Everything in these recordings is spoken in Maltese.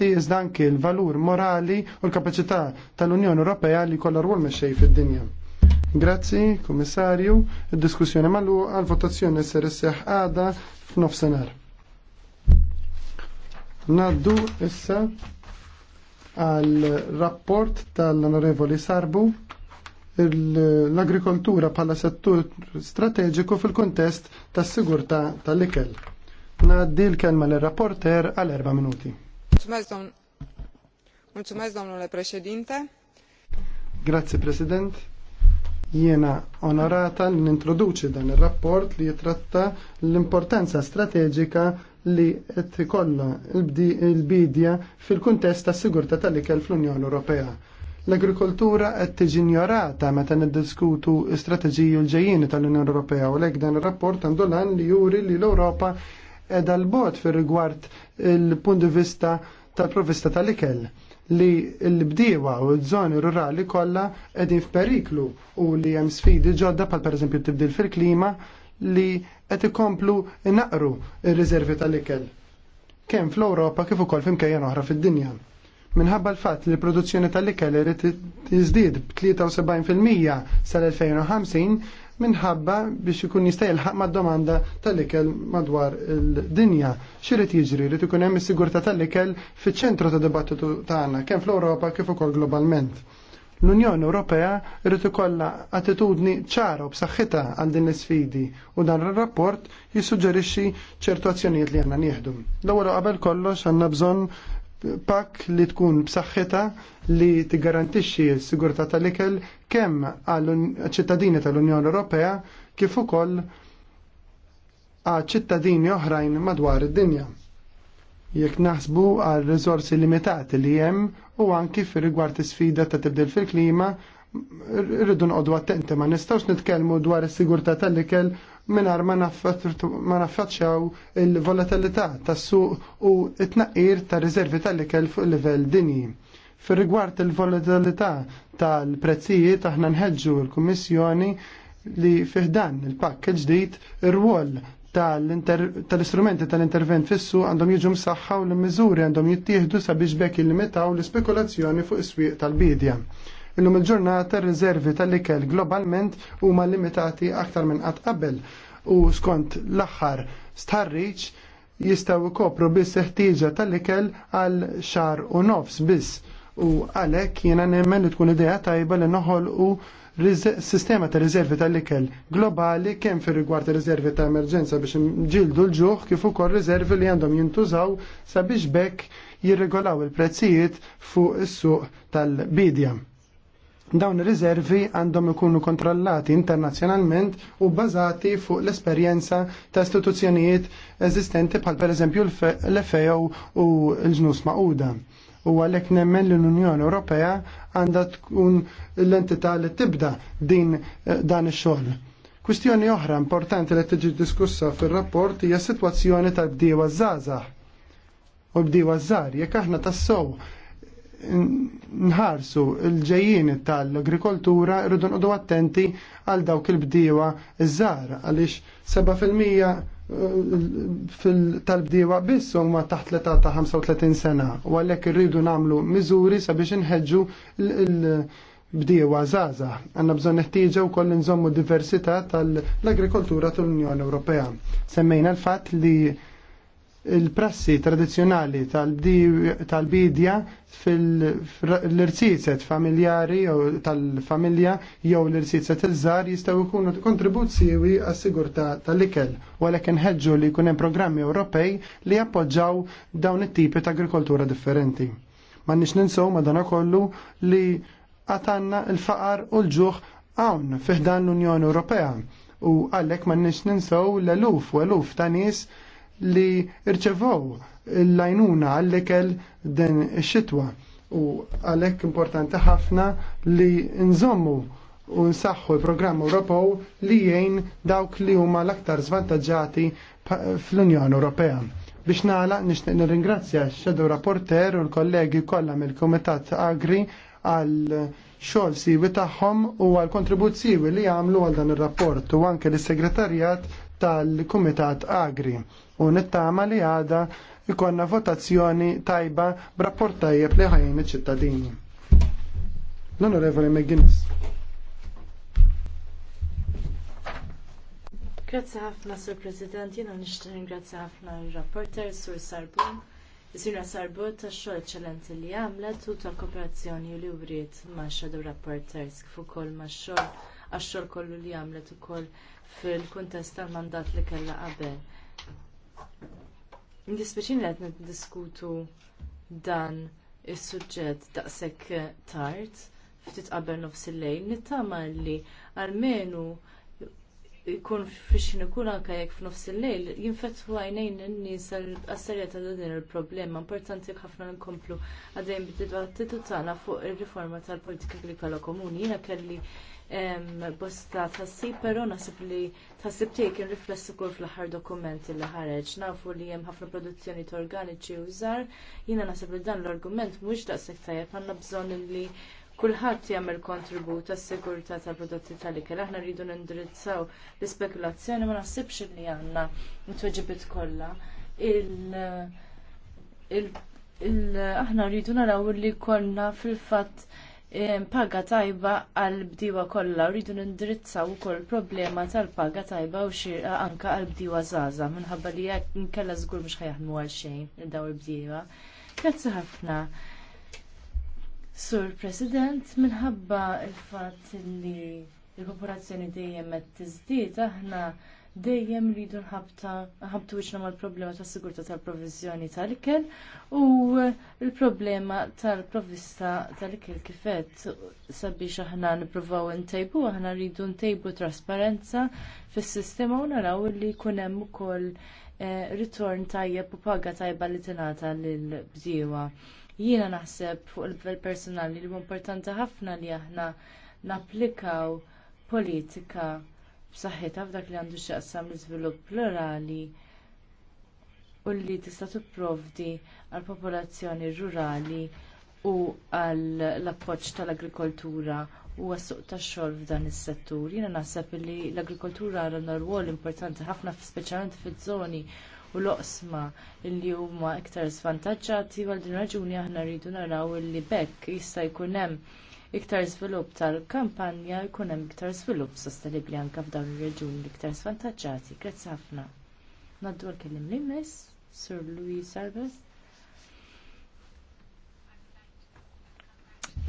li iżda anki l-valur morali u l-kapaċità tal-Unjoni Ewropea li kollha rwol mexxej fid-dinja. Grazzi, komissarju, il diskussjoni malu għal-votazzjoni ser isseħ għada f'nofsinhar. Naddu issa għal rapport tal-Onorevoli Sarbu l-agrikoltura bħala settur strateġiku fil-kontest tas-sigurtà tal-ikel. Naddi l-kelma l-rapporter għal erba' minuti. Grazie, President. Jiena onorata li nintroduċi dan ir-rapport li jitratta l-importanza strateġika li qed ikollha l-bidja fil-kuntest tas-sigurtà tal-ikel fl-Unjoni Ewropea. L-agrikoltura qed tiġi ignorata meta niddiskutu strateġiji l-ġejjieni tal-Unjoni Ewropea u lek dan ir-rapport għandu lan li juri li l-Ewropa edha l-bot fir rigward il-punt di vista tal-provista tal-ikel li l-bdiewa u l-żoni rurali kollha qegħdin f'periklu u li hemm sfidi ġodda pal pereżempju tibdil fil-klima li qed ikomplu naqru ir-riservi tal-ikel kemm fl-Ewropa kif ukoll f'imkejjen oħra fid-dinja. Minħabba l-fatt li l-produzzjoni tal-ikel irid tiżdied b'73% sal-2050 minħabba biex ikun jista' jilħaq mad-domanda tal-ikel madwar il-dinja. X'irid jiġri li ikun hemm is-sigurtà tal-ikel fiċ-ċentru ta' dibattitu tagħna kemm fl-Ewropa kif ukoll globalment. L-Unjoni Ewropea rrid ikollha attitudni ċara u b'saħħitha għal din l-isfidi u dan ir-rapport jissuġġerixxi ċertu azzjonijiet li għandna nieħdu. L-ewwel qabel kollox għandna bżonn pak li tkun b'saħħitha li tigarantixxi s-sigurtà tal-ikel kemm għall-ċittadini tal-Unjoni Ewropea kif ukoll għal ċittadini oħrajn madwar id-dinja. Jekk naħsbu għal riżorsi limitati li hemm u anki fir rigward is-sfida ta' tibdil fil-klima, rridu nqogħdu attenti ma nistgħux nitkellmu dwar is-sigurtà tal-ikel minar ma naffaċċjaw il-volatilità tas-suq u t-tnaqqir ta' riservi tal-ikel fuq livell dinji. Fir-rigward il-volatilità tal-prezzijiet aħna nħeġġu l-Kummissjoni li fiħdan il-pakk ġdid ir-rwol tal-istrumenti tal-intervent fissu għandhom jiġu msaħħa u l-miżuri għandhom jittieħdu sabiex bekk il-limitaw l-spekulazzjoni fuq is-swieq tal-bidja. Illum il-ġurnata r tal-ikel globalment huma limitati aktar minn qatt qabel u skont l-aħħar starriċ jistgħu ikopru biss ħtieġa tal-ikel għal xar u nofs biss u għalhekk jiena nemmen li tkun idea tajba li noħolqu sistema ta' riservi tal-ikel globali kemm fir rigward riservi ta' emerġenza biex ġildu l-ġuħ kif ukoll riservi li għandhom jintużaw sabiex bekk jirregolaw il-prezzijiet fuq is-suq tal-bidja. Dawn ir-riservi għandhom ikunu kontrollati internazzjonalment u bbażati fuq l-esperjenza ta' istituzzjonijiet eżistenti bħal pereżempju l feo u l-ġnus Magħquda. U għalhekk nemmen l-Unjoni Ewropea għandha tkun l-entità li tibda din eh, dan ix-xogħol. Kwistjoni oħra importanti li tiġi diskussa fir-rapport hija s-sitwazzjoni tal-bdiewa żgħażagħ u bdiewa żgħar jekk aħna tassew nħarsu l-ġejjien tal-agrikoltura rridu nqodu attenti għal dawk il-bdiewa iż-żgħar għaliex 7% eh, tal-bdiewa biss huma taħt l-età ta' 35 sena u għalhekk irridu nagħmlu miżuri sabiex inħeġġu l-bdiewa żgħażagħ. Għandna bżonn neħtieġa wkoll nżommu diversità tal-agrikoltura tal-Unjoni Ewropea. Semmejna l-fatt li il-prassi tradizjonali tal-bidja fil-irsizet familjari jew tal-familja jew l-irsizet il żar jistgħu jkunu kontribut għas-sigurtà tal-ikel u għalhekk inħeġġu li jkun hemm programmi Ewropej li jappoġġaw dawn it-tipi ta' agrikoltura differenti. Ma nix ninsew kollu li għatanna il-faqar u l-ġuħ hawn fiħdan l-Unjoni Ewropea u għalhekk ma nix ninsew l-eluf u eluf ta' nies li irċevaw l-lajnuna għall-ikel din xitwa u għalek importanti ħafna li nżommu u nsaħħu il-programm Ewropew li jgħin dawk li huma l-aktar zvantaġġati fl-Unjoni Ewropea. Biex nala nishtiq nirringrazzja x xedu Rapporter u l-kollegi kollha mill-Kumitat Agri għal xogħol siwi tagħhom u għal kontribut siwi li għamlu għal dan ir-rapport u anke l-Segretarjat tal-Kumitat Agri u nittama li għada ikonna votazzjoni tajba b'rapport li ħajjin iċ-ċittadini. L-Onorevoli McGuinness. Grazzi ħafna, Sur President, jena nishtin ringrazzi ħafna il-rapporter, Sur Sarbun, Sir Sarbun, ta' xogħol eċċellenti li għamlet u ta' kooperazzjoni u li wriet ma' xadu Rapporters kif ukoll ma' xogħol għax-xogħol kollu li għamlet ukoll fil-kuntest tal-mandat li kellha qabel. Nispeċin li qed niddiskutu dan is-suġġett daqshekk tard ftit qabel nofs il-lejl, nittama li għalmenu jkun fiex ikun anke jekk f'nofs il-lejl, jinfetħu għajnejn n-nies għas-serja ta' din il-problema. Importanti ħafna nkomplu għadejn bid-dibattitu tagħna fuq ir-riforma tal-politika agrikola komuni. Jiena kelli bosta tassi, però naħseb li tasib tiegħek riflessi kull fl-aħħar dokumenti li ħareġ. Nafu li hemm ħafna produzzjoni ta' organiċi u żgħar. Jiena naħseb li dan l-argument mhuwiex daqshekk tajjeb għandna bżonn li kulħadd jagħmel kontribut għas-sigurtà tal-prodotti tal-ikel. Aħna rridu nindirizzaw l-ispekulazzjoni ma naħsibx li għandna it-tweġibiet kollha. aħna rridu naraw li konna fil-fatt paga tajba għall bdiewa kollha rridu nindirizzaw ukoll problema tal-paga tajba u xirqa anke għall bdiewa żgħażagħ minħabba li jekk nkella żgur mhux ħajaħdmu għal xejn dawn il-bdiewa. Grazzi ħafna. Sur President, minħabba il-fat li il-popolazzjoni dejjem qed tiżdied aħna dejjem rridu nħabtu wiċna mal problema ta' sigurta tal-provizjoni tal-ikel u l problema tal-provista tal-ikel kifet sabiex aħna niprovaw ntejbu, aħna rridu ntejbu trasparenza fis-sistema u naraw li jkun hemm ukoll eh, ritorn tajjeb u paga tajba li tingħata lill bdiewa Jiena naħseb fuq il-livell personali li importanti ħafna li aħna napplikaw politika b'saħħitha f'dak li għandu x'jaqsam l-iżvilupp plurali u li tista' tipprovdi għall popolazzjoni rurali u għall appoġġ tal-agrikoltura u għas-suq tax-xogħol f'dan is-settur. Jiena naħseb li l-agrikoltura għandha rwol importanti ħafna speċjalment fiż-żoni u l-oqsma li huma iktar svantaġġati għal din raġuni aħna rridu naraw li bekk jista' jkun hemm iktar żvilupp tal-kampanja jkun hemm iktar żvilupp sostenibbli anke f'dawn ir-reġuni l-iktar svantaġġati. Grazzi ħafna. Naddu l-kellim li miss, Sir Louis Arbes.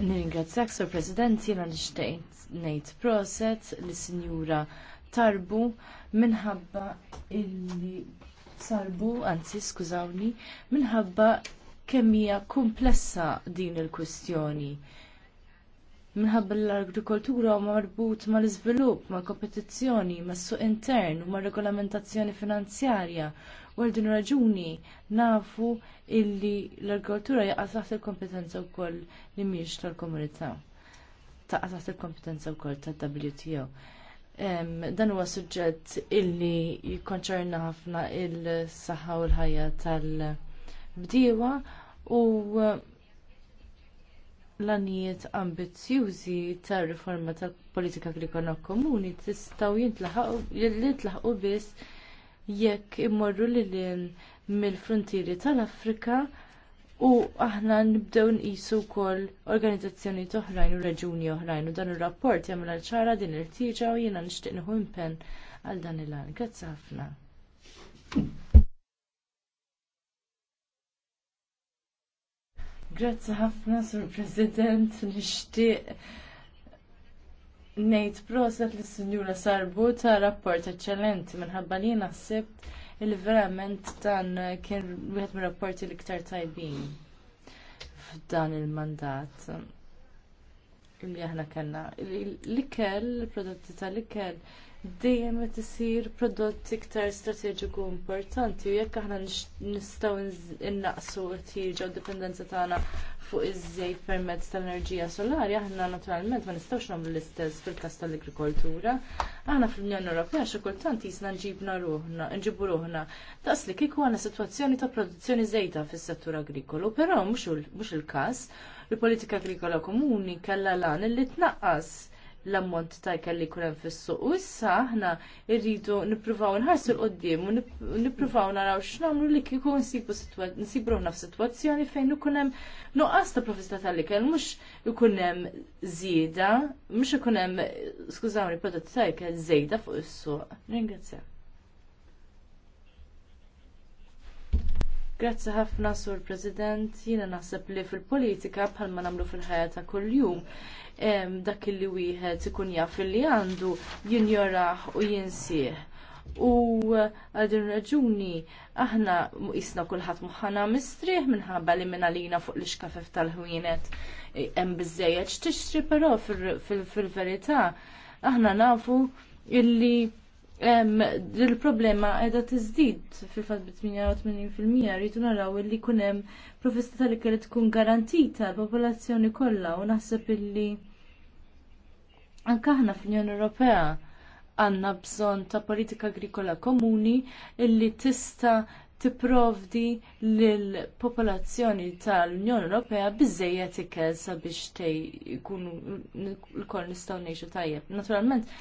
Ningrazzjak, Sir President, jiena nixtieq ngħid proset li Sinjura Tarbu minħabba illi sarbu, anzi skużawni, minħabba kemm hija komplessa din il-kwistjoni minħabba l-agrikoltura huma marbut mal iżvilupp mal kompetizzjoni, mas suq intern u mar regolamentazzjoni finanzjarja. U għal din raġuni nafu illi l-agrikoltura jaqa' taħt il-kompetenza wkoll li mhijiex tal-komunità. Taqa' taħt il-kompetenza wkoll tad-WTO dan huwa suġġett illi jikkonċerna ħafna il-saħħa u l-ħajja tal-bdiewa u eh, l-anijiet ambizzjużi tar riforma tal-politika agrikola komuni tistgħu jintlaħqu biss jekk immorru lil mill-frontieri tal-Afrika u aħna nibdew nqisu wkoll organizzazzjoni oħrajn u reġuni oħrajn u dan ir-rapport jagħmel ċara din il-tieġa u jiena nixtieq nieħu impenn għal dan il-għan. Grazzi ħafna. Grazzi ħafna, Sur President, nixtieq ngħid proset lis sinjura Sarbu ta' rapport eċċellenti minħabba li naħseb il verament dan kien wieħed mir-rapporti l-iktar tajbin f'dan il-mandat li aħna kellna. L-ikel, il-prodotti tal-ikel, il prodotti tal ikel dejjem qed isir prodott iktar strateġiku importanti u jekk aħna nistgħu innaqsu t-tirġa u dipendenza tagħna fuq iż-żejt permezz tal-enerġija solari, aħna naturalment ma nistgħux nagħmlu l-istess fil-każ tal-agrikoltura. Aħna fl-Unjoni Ewropea xi kultant jisna nġibna ruħna, nġibu ruħna. Daqs li kieku għandna sitwazzjoni ta' produzzjoni żejta fis-settur agrikolu, però mhux il-każ. Il-politika agrikola komuni kellha lan li tnaqqas l-ammont ta' kelli jkun hemm fis-suq. U issa aħna rridu nippruvaw nħarsu l-qoddim u nippruvaw naraw x'nagħmlu li kieku nsibu ruħna f'sitwazzjoni fejn ikun hemm nuqqas ta' profista tal-ikel mhux ikun hemm żieda, mhux ikun hemm skużawni prodotti tal ikel żejda fuq is-suq. Ringrazzjak. Grazzi ħafna, Sur President. Jiena naħseb li fil-politika bħalma nagħmlu fil-ħajja ta' kuljum dak li wieħed ikun jaf li għandu jinjoraħ u jinsieħ. U għal din raġuni aħna isna kulħadd moħħana mistrieħ minħabba li minn għalina fuq l-iskafef tal-ħwienet e, hemm biżejjed x'tixtri però fil-verità aħna nafu illi il-problema edha tiżdid fil-fat b-88% rridu naraw li kunem professita li kelli tkun garantita l-popolazzjoni kollha u naħseb illi anke aħna fl-Unjoni Ewropea għandna bżonn ta' politika agrikola komuni illi tista' tipprovdi lill-popolazzjoni tal-Unjoni Ewropea biżżejjed ikel sabiex tej jkunu l-kol nistgħu ngħixu tajjeb. Naturalment,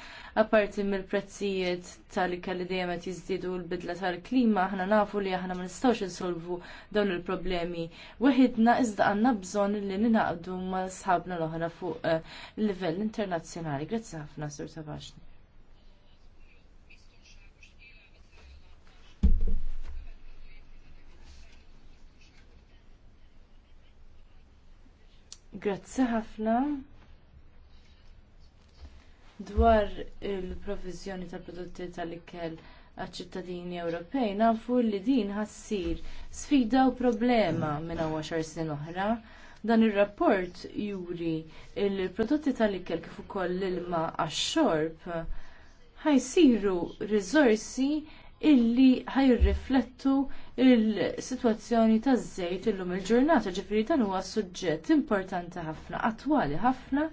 apparti mill-prezzijiet tal-ikel li dejjem qed jiżdiedu l-bidla tal-klima, aħna nafu li aħna ma nistgħux insolvu dawn il-problemi. Weħidna iżda għandna bżonn li ninaqdu ma' sħabna l-oħra fuq eh, livell internazzjonali. Grazzi ħafna, Sur Tabaxni. Grazzi ħafna. Dwar il-provizjoni ta' prodotti tal-ikel għal-ċittadini Ewropej, nafu li din ħassir sfida u problema minn għawa xar oħra. Dan il-rapport juri il-prodotti tal-ikel kif ukoll l-ilma għax-xorb ħajsiru rizorsi illi ħajrriflettu il-situazzjoni taż-żejt illum il-ġurnata ġifiri dan huwa suġġett importanti ħafna, attwali ħafna,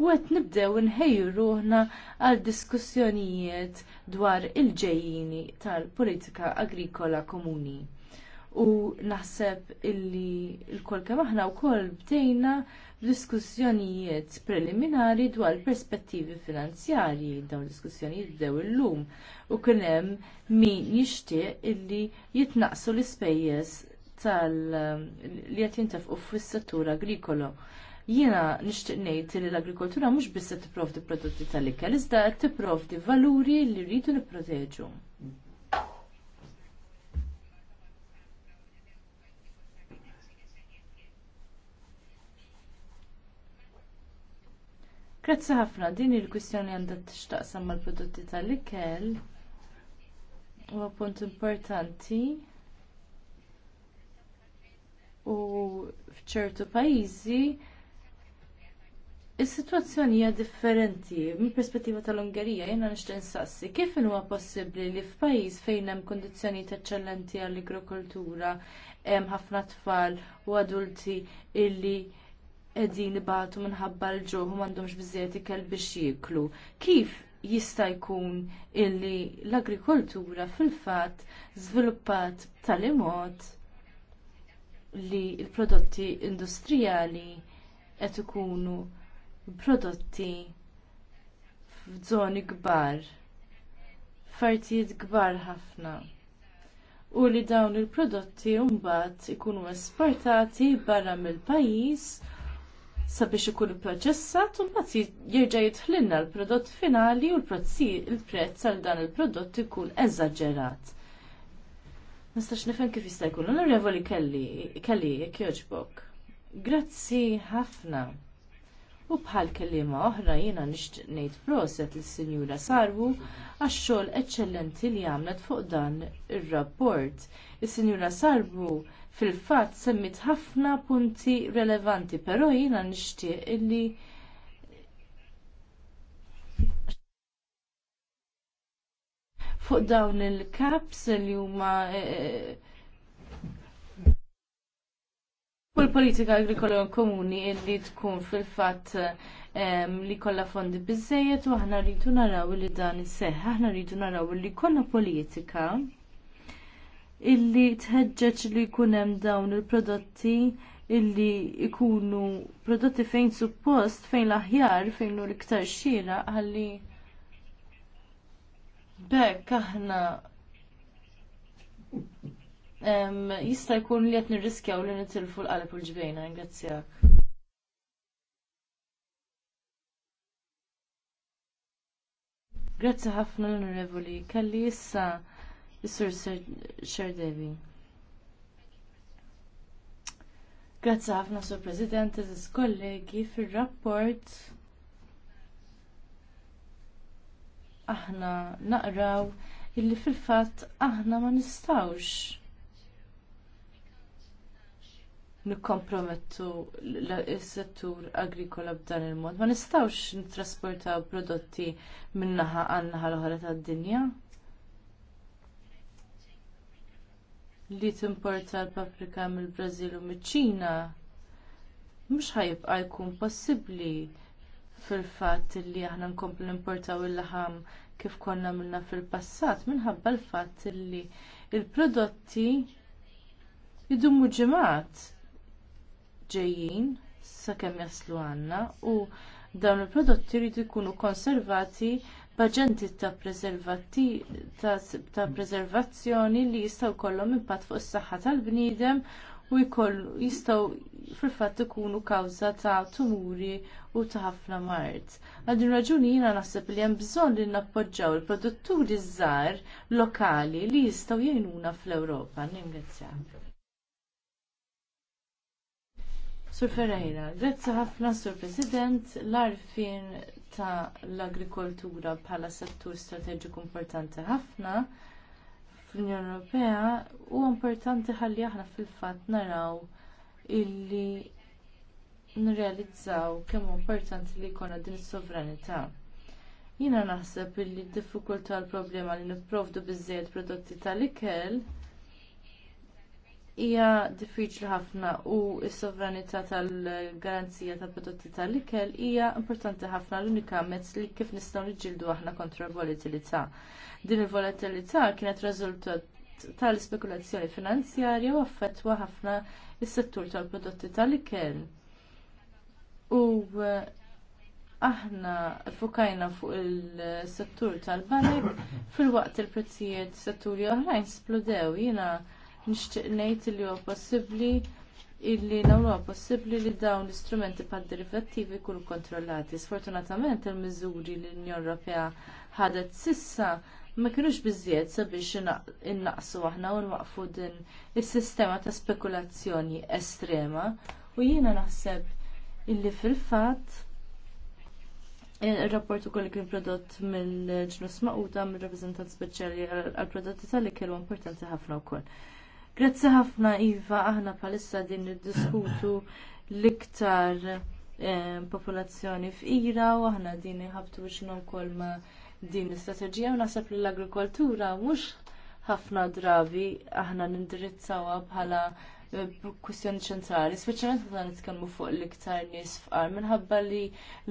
u qed nibdew inħejju ruħna għal diskussjonijiet dwar il-ġejjini tal-politika agrikola komuni. U naħseb illi l-kol kemm aħna wkoll bdejna diskussjonijiet preliminari dwar perspettivi finanzjarji. Dawn diskussjonijiet bdew illum u kien hemm min jixtieq illi jitnaqsu l-ispejjeż tal li qed jintefqu fis-settur agrikolo. Jiena nixtieq ngħid li l-agrikoltura mhux biss qed tipprovdi prodotti tal-ikel, iżda qed tipprovdi valuri li rridu nipproteġu. Grazzi ħafna, din il-kwistjoni għandha tixtaqsam mal-prodotti tal-ikel. U punt importanti. U fċertu pajjiżi Is-sitwazzjoni hija differenti minn perspettiva tal-Ungerija jiena nixtieq insassi kif huwa possibbli li f'pajjiż fejn hemm kundizzjonijiet eċċellenti għall-agrikoltura hemm ħafna tfal u adulti illi qegħdin ibatu minħabba l-ġuħ u m'għandhomx biżejjed ikel biex jieklu. Kif jista' jkun illi l-agrikoltura fil-fatt żviluppat b'tali mod li l-prodotti industrijali qed ikunu prodotti f'żoni kbar, f'artijiet kbar ħafna. U li dawn il-prodotti mbagħad ikunu esportati barra mill-pajjiż sabiex ikun ipproċessat u mbagħad jerġa' jidħlilna l-prodott finali u l-prezz għal dan il-prodott ikun eżaġerat. Nistax nifhem kif jista' jkun l-onorevoli kelli jekk jogħġbok. Grazzi ħafna. U bħal kelliema oħra jiena nixtieq ngħid proset lis-Sinjura Sarbu għax-xogħol eċċellenti li għamlet fuq dan ir-rapport. Is-Sinjura Sarbu fil-fatt semmit ħafna punti relevanti, però jiena nixtieq illi fuq dawn il-kaps li huma Kull eh, eh, politika agrikola komuni li tkun fil-fatt li kollha fondi bizzejiet u aħna rridu naraw li dan isseħħ, aħna rridu naraw li kollha politika illi tħeġġeġ li jkun hemm dawn il-prodotti illi jkunu prodotti fejn suppost, fejn l-aħjar, fejn hu l-iktar xira, għalli bekk aħna jista' jkun li qed nirriskjaw li nitilfu l-qalb u l-ġbejna, ingrazzjak. Grazzi ħafna l-onorevoli, issa Is-Sur Xerdevi. Grazzi ħafna Sur President, eżis kollegi fir-rapport aħna naqraw illi fil-fatt aħna ma nistawx nikkompromettu l-settur agrikola b'dan il-mod. Ma nistawx nittrasportaw prodotti minnaħa għannaħa naħa l-oħra tad-dinja. li timporta l-paprika mill brażil u miċ-Ċina mhux ħajbqa' jkun possibbli fil-fatt li aħna nkomplu importaw il-laħam kif konna għamilna fil-passat minħabba l-fatt li l prodotti jidumu ġimgħat ġejjin sakemm jaslu għandna u dawn il-prodotti jridu jkunu konservati b'aġenti ta' ta' preservazzjoni li jistgħu jkollhom impatt fuq is-saħħa tal-bniedem u jistgħu fil-fatt ikunu kawża ta' tumuri u ta' ħafna mart. Għal din raġuni jiena naħseb li hemm bżonn li nappoġġaw il-produtturi żgħar lokali li jistgħu jgħinuna fl-Ewropa. Ningrazzjak. Sur Ferreira, grazzi ħafna Sur President l-arfin ta' l-agrikoltura bħala settur strateġiku importanti ħafna fl-Unjoni Ewropea huwa importanti ħalli aħna fil-fatt naraw illi nirrealizzaw kemm importanti li jkollna din is-sovranità. Jiena naħseb illi d-diffikultà l-problema li nipprovdu biżżejjed prodotti tal-ikel hija diffiċli ħafna u s-sovranità tal-garanzija tal-prodotti tal-ikel hija importanti ħafna l-unika mezz li kif nistgħu niġġieldu aħna kontra l-volatilità. Din il-volatilità kienet riżultat tal-spekulazzjoni finanzjarja u affettwa ħafna s-settur tal-prodotti tal-ikel. U eh, aħna fukajna fuq il-settur tal-banek fil-waqt il-prezzijiet setturi oħrajn splodew jiena nixtieq ngħid li huwa possibbli illi nawluha possibbli li dawn l-istrumenti bħad derivattivi jkunu kontrollati. Sfortunatament il-miżuri li l-Unjoni Ewropea ħadet sissa ma kinux biżjed sabiex innaqsu aħna u nwaqfu din is-sistema ta' spekulazzjoni estrema u jiena naħseb illi fil-fatt Il-rapport ukoll kien prodott mill-ġnus maquta mir rappresentant speċjali għall prodotti tal-ikel u importanti ħafna wkoll. Grazzi ħafna Iva, aħna palissa din id-diskutu l-iktar eh, popolazzjoni f'ira u aħna din ħabtu biex wkoll ma din l-istrateġija u naħseb li l-agrikoltura mhux ħafna drabi aħna nindirizzawha bħala eh, kwistjoni ċentrali, speċjalment meta nitkellmu fuq l-iktar nies fqar minħabba li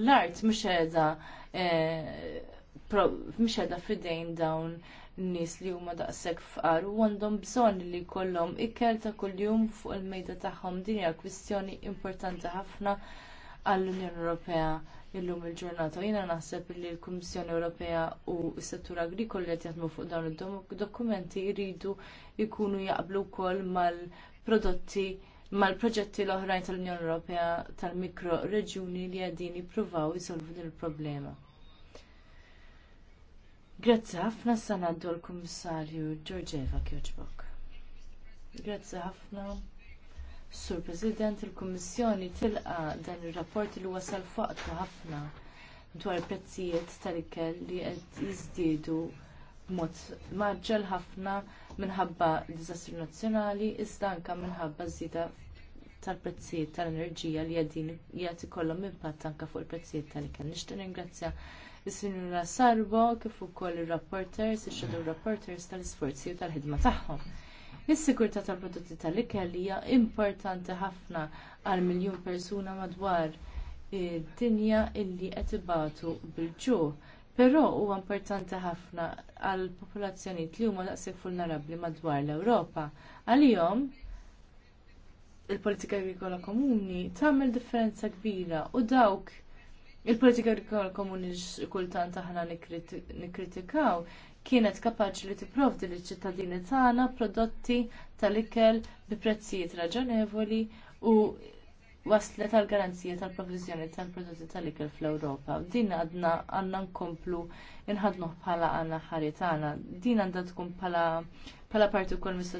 l-art mhux qiegħda eh, mhux qiegħda fidejn dawn nies li huma daqshekk fqar u għandhom bżonn li jkollhom ikel ta' kuljum fuq il-mejda tagħhom din hija kwistjoni importanti ħafna għall-Unjoni Ewropea illum il-ġurnata. Jiena naħseb li l-Kummissjoni Ewropea u s-settur Agrikoli qed jaħdmu fuq dawn id-dokumenti jridu jkunu jaqblu wkoll mal-prodotti mal-proġetti l-oħrajn tal-Unjoni Ewropea tal-mikro li qegħdin jippruvaw isolvu din il-problema. Grazzi ħafna sanaddu l-Kummissarju Giorgieva Kjoċbok. Grazzi ħafna. Sur President, il-Kummissjoni tilqa dan ir-rapport li wasal faqtu ħafna dwar prezzijiet tal-ikel li qed jiżdiedu b'mod maġġel ħafna minħabba diżastru nazzjonali iżda anke minħabba żieda tal-prezzijiet tal-enerġija li qegħdin jagħti kollhom impatt anke fuq il-prezzijiet tal-ikel. Nixtieq ringrazzja is-Sinjura Sarbo kif ukoll ir-rapporters, ix-shadow rapporters tal-isforzi u tal-ħidma tagħhom. is sigurta tal-prodotti tal-ikel hija importanti ħafna għal miljun persuna madwar id-dinja illi qed ibatu bil-ġuħ. Però huwa importanti ħafna għall popolazzjonijiet li huma daqshekk vulnerabbli madwar l-Ewropa. Għalihom il-politika agrikola komuni tagħmel differenza kbira u dawk Il-politika agrikola komuni kultant aħna nikkritikaw kienet kapaċi li tipprovdi liċ ċittadini tagħna prodotti tal-ikel bi prezzijiet raġonevoli u waslet tal garanzija tal-provizjoni tal-prodotti tal-ikel fl-Ewropa. Din għadna għandna nkomplu inħadnu bħala għandna ħari tagħna. Din għandha tkun bħala parti kol mis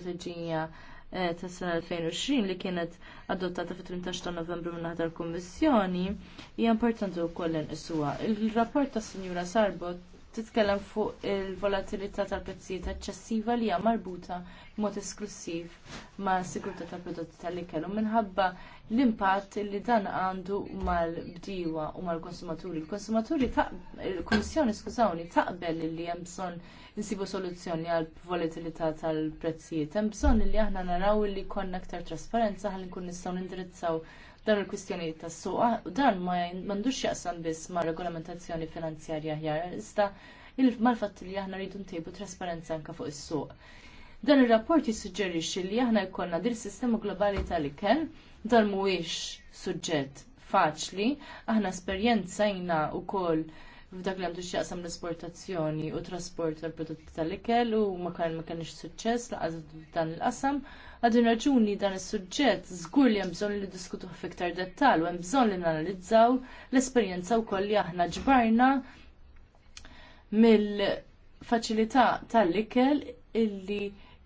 Eh, tas sena 2020 li kienet adottata fit-18 ta' novembru minn tal kummissjoni hija importanti wkoll issuha. Il-rapport tas Sinjura Sarbot titkellem fuq il-volatilità tal-prezzijiet eċċessiva li hija marbuta b'mod esklusiv ma' sigurtà tal-prodotti tal-ikel u minħabba l-impatt li dan għandu mal-bdiewa u mal-konsumaturi. Il-konsumaturi l kummissjoni skużawni taqbel li hemm bżonn insibu soluzzjoni għal volatilità tal-prezzijiet. Hemm bżonn li aħna naraw li jkollna aktar trasparenza ħalli nkun nistgħu nindirizzaw dan il-kwistjonijiet tas suqa ah, dan ma m'għandux jaqsam biss ma' regolamentazzjoni finanzjarja ħjar, iżda mal-fatt li aħna rridu ntejbu trasparenza anke fuq is-suq. Dan ir-rapport jissuġġerixxi li aħna jkollna dir sistema globali tal-ikel dan mhuwiex suġġett faċli, aħna esperjenzajna wkoll f'dak li għandu jaqsam l-esportazzjoni u trasport tal-prodotti tal-ikel u ma kan ma suċċess laqgħa dan il-qasam Għadin raġuni dan is-suġġett żgur li hemm bżonn li diskutuh fiktar dettal u hemm bżonn li nanalizzaw l-esperjenza wkoll li aħna ġbarna mill-faċilità tal-ikel illi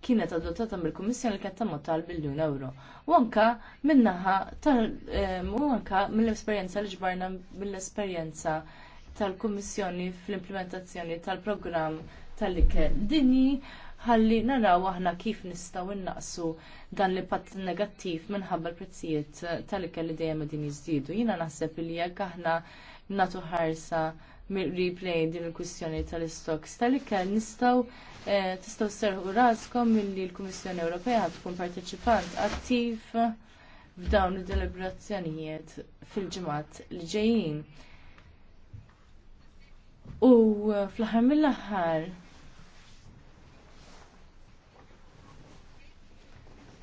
kienet adottata mill-Kummissjoni li kienet tammont tal-biljun euro. U anka minnaħa u anka mill-esperjenza li ġbarna mill-esperjenza tal-Kummissjoni fl-implementazzjoni tal-programm tal-ikel dinji ħalli naraw aħna kif nistgħu innaqsu dan l-impatt negattiv minħabba l-prezzijiet tal-ikel li dejjem din jiżdiedu. Jiena naħseb li jekk aħna natu ħarsa replay din il-kwistjoni tal-istoks tal-ikel nistgħu eh, tistgħu serħu raskom milli l-Kummissjoni Ewropea tkun parteċipant attiv f'dawn id-deliberazzjonijiet fil-ġimgħat li ġejjin. U fl-aħħar mill-aħħar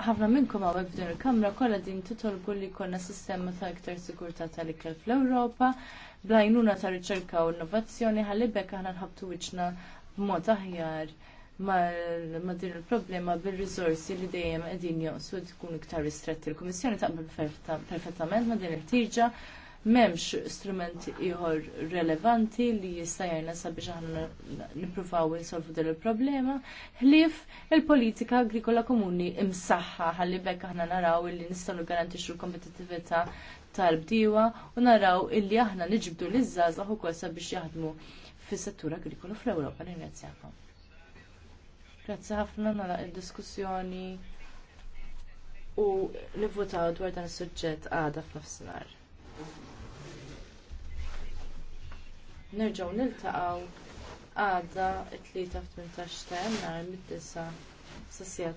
ħafna minnkom għawek f'din il-kamra kollha din titolbu li jkollna sistema ta' iktar sigurtà tal-ikel fl-Ewropa, blajnuna ta' riċerka u innovazzjoni ħallibek bekk aħna nħabtu wiċċna b'mod aħjar ma' din il-problema bir-riżorsi li dejjem qegħdin joqsu tkun iktar ristretti. Il-Kummissjoni taqbel perfettament ma' din il-tiġa memx strument ieħor relevanti li jista' sabiex aħna nippruvaw insolvu din il-problema, ħlief il-politika agrikola komuni imsaħħa ħalli bekk aħna naraw illi nistgħu garantixxu l kompetitivita tal bdiwa u naraw illi aħna niġibdu l żgħażagħ ukoll sabiex jaħdmu fis-settur agrikolu fl-Ewropa. Ringrazzjakom. Grazzi ħafna nara id-diskussjoni u nivvotaw dwar dan is-suġġett għada f'nofsinhar. Nerġgħu niltaqgħu għadha t tlieta f'18 ta' jannar mid-disa' sessija